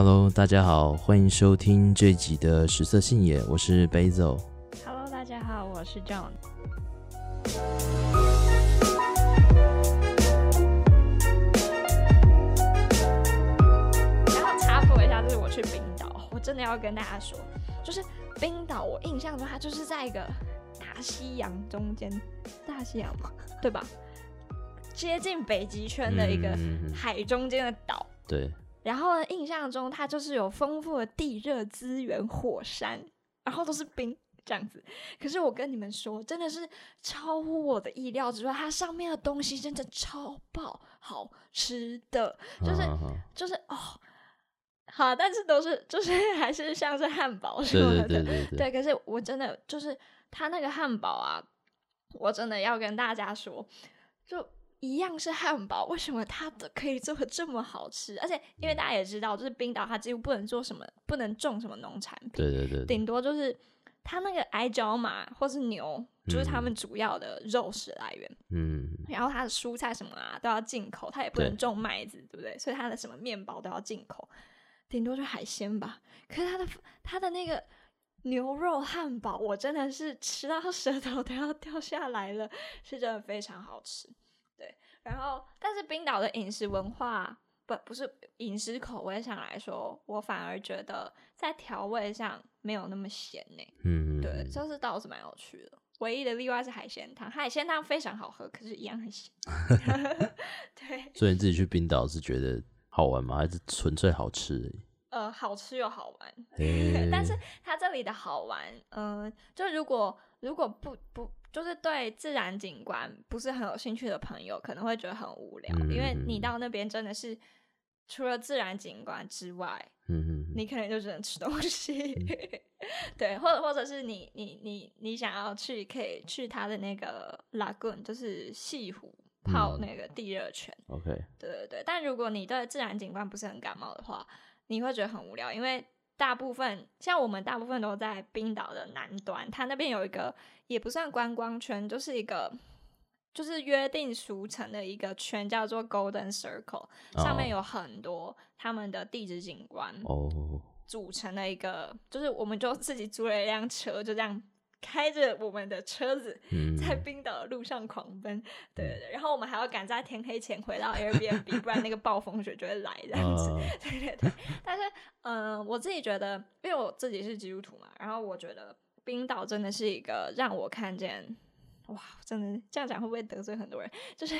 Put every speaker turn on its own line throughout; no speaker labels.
Hello，大家好，歡迎收聽這集的《食色性也》，我是 Bezo。
Hello，大家好，我是 John。然後插播一下，就是我去冰島，我真的要跟大家說，就是冰島，我印象中它就是在一個大西洋中間，大西洋嘛， 對吧？接近北極圈的一個海中間的島， 對。然後呢，印象中它就是有豐富的地熱資源、火山，然後都是冰這樣子。可是我跟你們說，真的是超乎我的意料之外，它上面的東西真的超爆好吃的，就是好好好就是哦，好、啊，但是都是就是還是像是漢堡什麼的，對，可是我真的就是它那個漢堡啊，我真的要跟大家說，就。一樣是漢堡，為什麼它可以做得這麼好吃？而且因為大家也知道，就是冰島它幾乎不能做什麼，不能種什麼農產品。對，對對對。頂多就是它那個矮腳馬或是牛，就是他們主要的肉食來源。嗯。然後它的蔬菜什麼啊都要進口，它也不能種麥子，對，對不對？所以它的什麼麵包都要進口，頂多就海鮮吧。可是它的它的那個牛肉漢堡，我真的是吃到舌頭都要掉下來了，是真的非常好吃。對，然後但是冰島的飲食文化不不是飲食口味上來說，我反而覺得在調味上沒有那麼鹹呢、欸。嗯，嗯，對，就是倒是蠻有趣的。唯一的例外是海鮮湯，海鮮湯非常好喝，可是一樣很鹹。 對，
所以你自己去冰島是覺得好玩嗎？還是純粹好吃而已？
呃，好吃又好玩。對，欸、 但是它這裡的好玩，嗯、呃，就如果如果不不。就是對自然景觀不是很有興趣的朋友，可能會覺得很無聊，因為你到那邊真的是除了自然景觀之外，嗯
嗯，
你可能就只能吃東西， 對，或者或者是你你你你想要去可以去他的那個 Lagoon，就是西湖泡那個地熱泉，OK、嗯、對對對。Okay. 但如果你對自然景觀不是很感冒的話，你會覺得很無聊，因為。大部分像我們大部分都在冰島的南端，它那邊有一個也不算觀光圈，就是一個就是約定俗成的一個圈，叫做 Golden Circle，上面有很多他們的地質景觀哦，oh. 組成的一個，就是我們就自己租了一輛車，就這樣。開着我們的車子在冰島的路上狂奔，嗯、對對對，然後我們還要趕在天黑前回到 Airbnb， 不然那個暴風雪就會來 這樣子，對對對。但是，嗯、呃，我自己覺得，因為我自己是基督徒嘛，然後我覺得冰島真的是一個讓我看見，哇，真的這樣講會不會得罪很多人？就是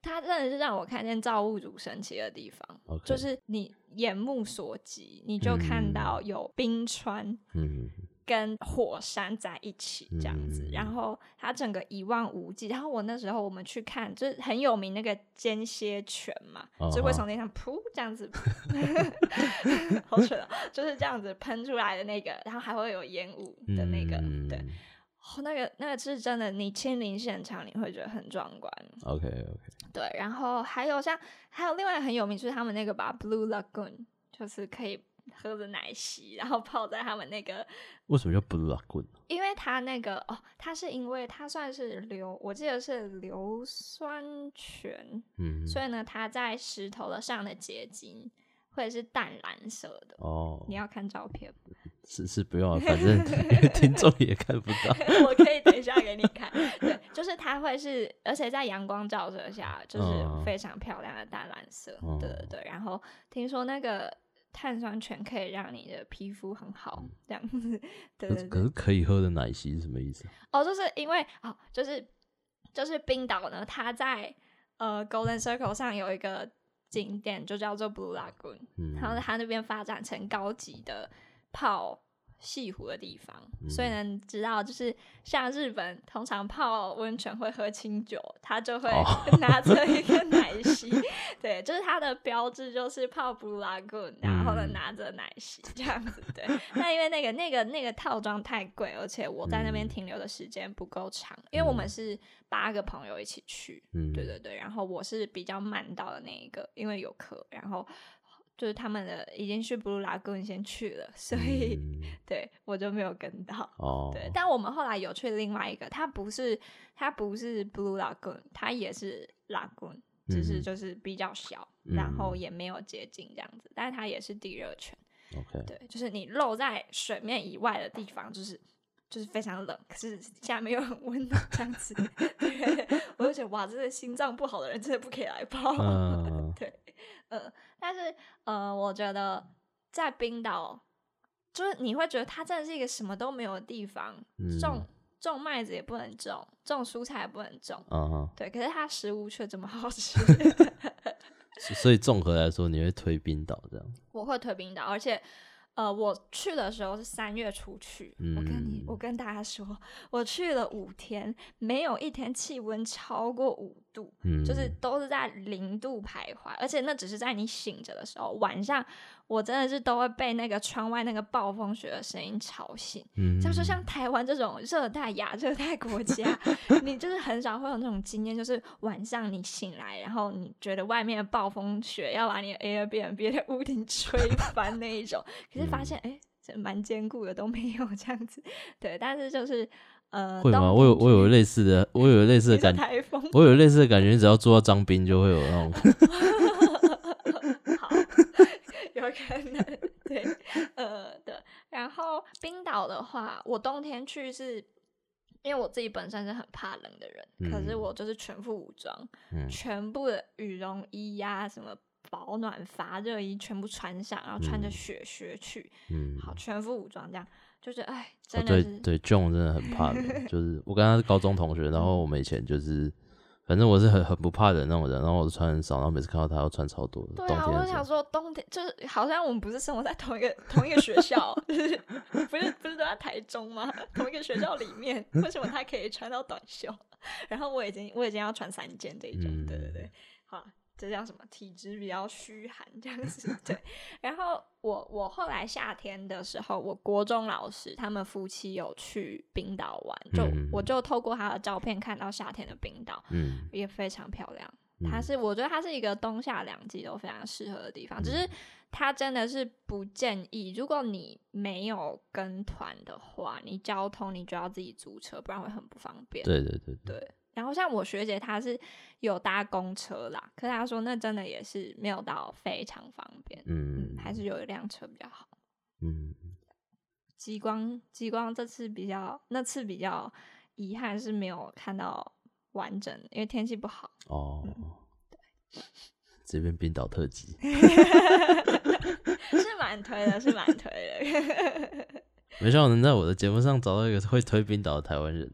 他 真的是讓我看見造物主神奇的地方，Okay. 就是你眼目所及，你就看到有冰川。嗯
嗯
跟火山在一起這樣子，嗯、然後它整個一望無際。然後我那時候我們去看，就是很有名那個間歇泉嘛，哦哦就會從那上噗這樣子，
好蠢啊、哦！
就是這樣子噴出來的那個，然後還會有煙霧的那個，嗯、對、哦，那個那個是真的，你親臨現場你會覺得很壯觀。OK OK，對，然後還有像還有另外很有名就是他們那個吧，Blue Lagoon，就是可以。喝的奶昔，然後泡在他們那個。
為什麼叫不 l u
因為他那個哦，他是因為他算是硫，我記得是硫酸泉，嗯哼，所以呢，它在石頭的上的結晶會是淡藍色的哦。你要看照片，
是是不用了、啊，反正 聽眾也看不到。
我可以等一下給你看， 對，就是它會是，而且在陽光照射下，就是非常漂亮的淡藍色。對、嗯、對對，嗯、然後聽說那個。碳酸泉可以讓你的皮膚很好，嗯、這樣子，對對對。可是可
以喝的奶昔是什麼意思？
哦，就是因為啊、哦，就是就是冰島呢，它在呃 Golden Circle 上有一個景點，就叫做 Blue Lagoon、嗯、然後它那邊發展成高級的泡。西湖的地方，嗯、所以呢你知道，就是像日本通常泡溫泉會喝清酒，他就會拿着一個奶昔，哦、 對，就是它的標誌就是泡 Blue Lagoon，嗯、然後呢拿着奶昔這樣子，對。那 因為那個那個那個套裝太貴，而且我在那邊停留的時間不夠長，嗯、因為我們是八個朋友一起去，嗯，對對對，然後我是比較慢到的那一個，因為有課，然後。就是他們的已經是 Blue Lagoon 先去了，所以，mm. 對，我就沒有跟到。哦，oh. 對，但我們後來有去另外一個，它不是，它不是 Blue Lagoon，它也是 Lagoon，只，mm hmm. 是就是比較小，然後也沒有接近這樣子，mm hmm. 但是它也是地熱泉，o Okay. 對，就是你露在水面以外的地方，就是就是非常冷，可是下面又很溫暖這樣子。 對我就覺得哇，這是心臟不好的人真的不可以來泡。嗯，uh. 對，嗯、呃。但是，呃，我覺得在冰島，就是你會覺得它真的是一個什麼都沒有的地方，嗯、種種麥子也不能種，種蔬菜也不能種，嗯、哦，對。可是它食物卻這麼好吃，
所以綜合來說，你會推冰島這樣？
我會推冰島，而且，呃，我去的時候是三月初去，嗯、我跟你，我跟大家說，我去了五天，沒有一天氣溫超過五。度，就是都是在零度徘徊，嗯、而且那只是在你醒着的時候。晚上我真的是都會被那個窗外那個暴風雪的聲音吵醒。嗯，就是像台灣這種熱帶亞熱帶國家， 你就是很少會有那種經驗，就是晚上你醒來，然後你覺得外面的暴風雪要把你的 Airbnb 的屋頂吹翻那一種，嗯、可是發現哎，這蠻堅固的都沒有這樣子。對，但是就是。呃，東東會嗎？我有我有
類似的，我有類似的感覺，颱風我有類似的感覺，只要做到張冰就會有那
種。 好，有可能，對，呃，對。然後冰島的話，我冬天去是因為我自己本身是很怕冷的人，嗯、可是我就是全副武裝，嗯、全部的羽絨衣呀、啊、什麼。保暖發熱衣全部穿上，然後穿着雪靴去嗯，嗯，好全副武裝這樣，就是哎，真的是、哦、對
Joan 真的很怕冷。就是我跟他是高中同學，然後我們以前就是，反正我是很很不怕冷那種人，然後我就穿很少，然後每次看到他要穿超多。對啊，天我就
想說冬天就是好像我們不是生活在同一個同一個學校， 就是、不是不是都在台中嗎？同一個學校裡面，為什麼他可以穿到短袖，然後我已經我已經要穿三件這一種，嗯、對對對，好。這叫什麼體質比較虛寒這樣子對， 然後我我後來夏天的時候，我國中老師他們夫妻有去冰島玩，就、嗯、我就透過他的照片看到夏天的冰島，嗯，也非常漂亮。它是我覺得它是一個冬夏兩季都非常適合的地方，嗯、只是他真的是不建議，如果你沒有跟團的話，你交通你就要自己租車，不然會很不方便。對對對對。對然後像我學姐，她是有搭公車啦，可是她說那真的也是沒有到非常方便，嗯，嗯，還是有一輛車比較好，嗯。極光，極光這次比較，那次比較遺憾是沒有看到完整，因為天氣不好哦。嗯，
對，這邊冰島特輯，
是蠻推的，是蠻推的。
沒想到，能在我的節目上找到一個會推冰島的台灣人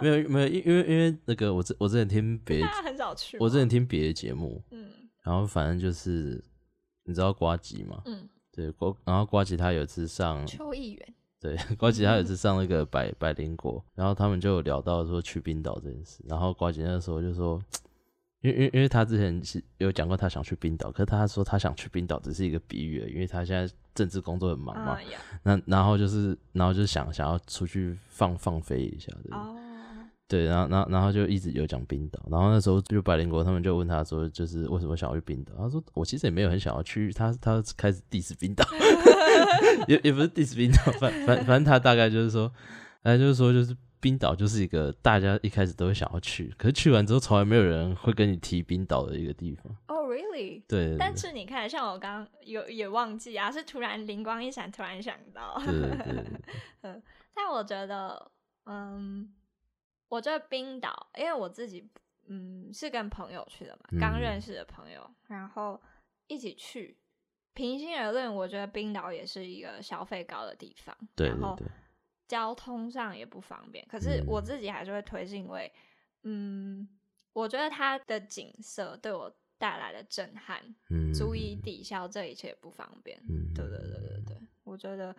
沒有沒有，因為因為那個我我之前聽別，很少去。我之前聽別的節目，嗯，然後反正就是你知道呱吉嘛，嗯，對瓜，然後呱吉他有一次上秋藝園。對呱吉他有一次上那個百、嗯、百靈果，然後他們就有聊到說去冰島這件事，然後呱吉那時候就說，因為因為因為他之前是有講過他想去冰島，可是他說他想去冰島只是一個比喻，因為他現在政治工作很忙嘛，啊、那然後就是然後就想想要出去放放飛一下對、哦對，然後，然後，然後就一直有講冰島。然後那時候就百靈國，他們就問他說，就是為什麼想要去冰島？他說，我其實也沒有很想要去。他，他開始 diss 冰島， 也也不是 diss 冰島，反反反正他大概就是說，那、哎、就是說，就是冰島就是一個大家一開始都會想要去，可是去完之後，從來沒有人會跟你提冰島的一個地方。
哦、oh,，really？對。但是你看，像我剛，剛有也忘記啊，是突然靈光一閃，突然想到。 對。對對 但我覺得，嗯、um,。我覺得冰島，因為我自己，嗯，是跟朋友去的嘛，剛認識的朋友，嗯、然後一起去。平心而論，我覺得冰島也是一個消費高的地方，對對對，然後交通上也不方便。可是我自己還是會推薦，因為，嗯，嗯，我覺得它的景色對我帶來的震撼，嗯，嗯，嗯，足以抵消這一切也不方便。嗯，嗯，對對對對對，我覺得。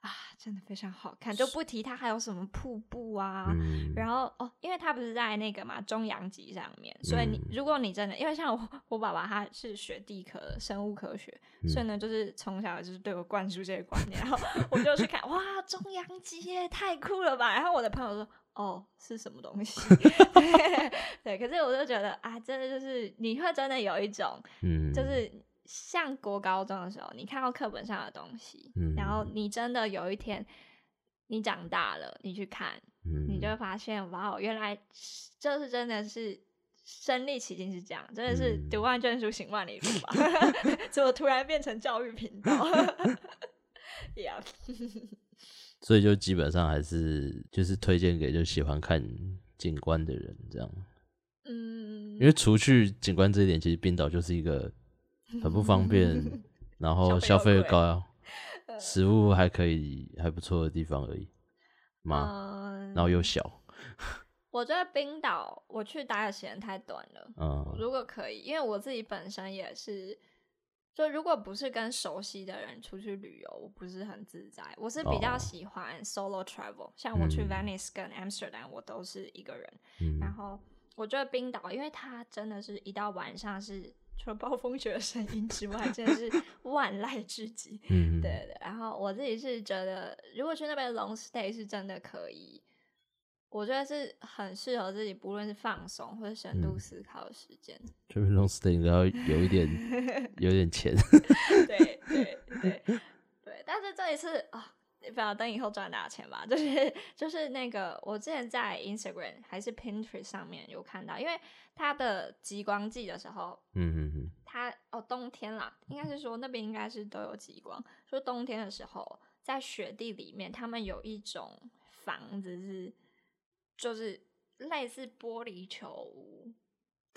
啊，真的非常好看，就不提它還有什麼瀑布啊，嗯、然後哦，因為它不是在那個嘛中洋脊上面，所以你如果你真的，因為像我我爸爸他是學地科生物科學，嗯、所以呢就是從小就是對我灌輸這個觀念，嗯、然後我就去看 哇，中洋脊耶，太酷了吧！然後我的朋友說哦是什麼東西 對？對，可是我就覺得啊，真的就是你會真的有一種嗯，就是。像國高中的時候，你看到課本上的東西，嗯，然後你真的有一天你長大了，你去看，嗯，你就會發現，哇哦，原來這是真的是身歷其境是這樣，真的是讀萬卷書行萬里路吧？怎麼突然變成教育頻道 ？Yeah。
所以就基本上還是就是推薦給就喜歡看景觀的人這樣，嗯，因為除去景觀這一點，其實冰島就是一個。很不方便， 然後消費又高，食物還可以， 還不錯的地方而已嘛。嗯、然後又小。
我覺得冰島我去待的時間太短了。嗯。如果可以，因為我自己本身也是，就如果不是跟熟悉的人出去旅遊，我不是很自在。我是比較喜歡 solo travel，哦、像我去 Venice、嗯、跟 Amsterdam，我都是一個人。嗯、然後我覺得冰島，因為它真的是一到晚上是。除了暴風雪的聲音之外，真的是萬籟俱寂。嗯， 對對。然後我自己是覺得，如果去那邊 long stay 是真的可以，我覺得是很適合自己，不論是放鬆或者深度思考的時間。
去那邊 long stay，然後有一點，有點錢。對對
對對，但是這一次啊。不要等以後賺大錢吧，就是就是那個我之前在 Instagram 還是 Pinterest 上面有看到，因為它的極光季的時候，嗯嗯嗯，它哦冬天啦，應該是說那邊應該是都有極光，說冬天的時候在雪地裡面，他們有一種房子是就是類似玻璃球。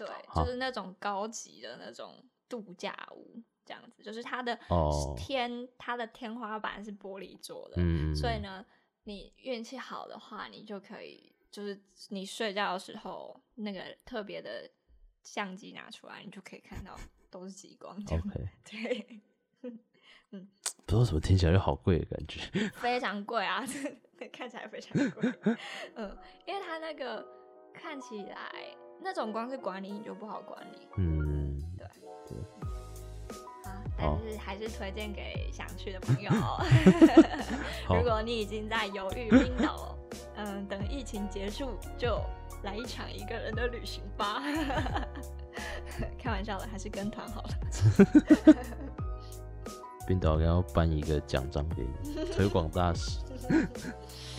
對，好就是那種高級的那種度假屋這樣子，就是它的天，oh. 它的天花板是玻璃做的，嗯、所以呢，你運氣好的話，你就可以，就是你睡覺的時候，那個特別的相機拿出來，你就可以看到都是極光。Okay. 對，
嗯，不知道怎麼聽起來就好貴的感覺，
非常貴啊， 看起來非常貴， 嗯，因為它那個。看起來那種光是管理你就不好管理，嗯，對對。但是還是推薦給想去的朋友，喔、好 如果你已經在猶豫冰島好，嗯、等疫情結束就來一場一個人的旅行吧。 開玩笑了，還是跟團好了。
冰島要頒一個獎章給你，推廣大使。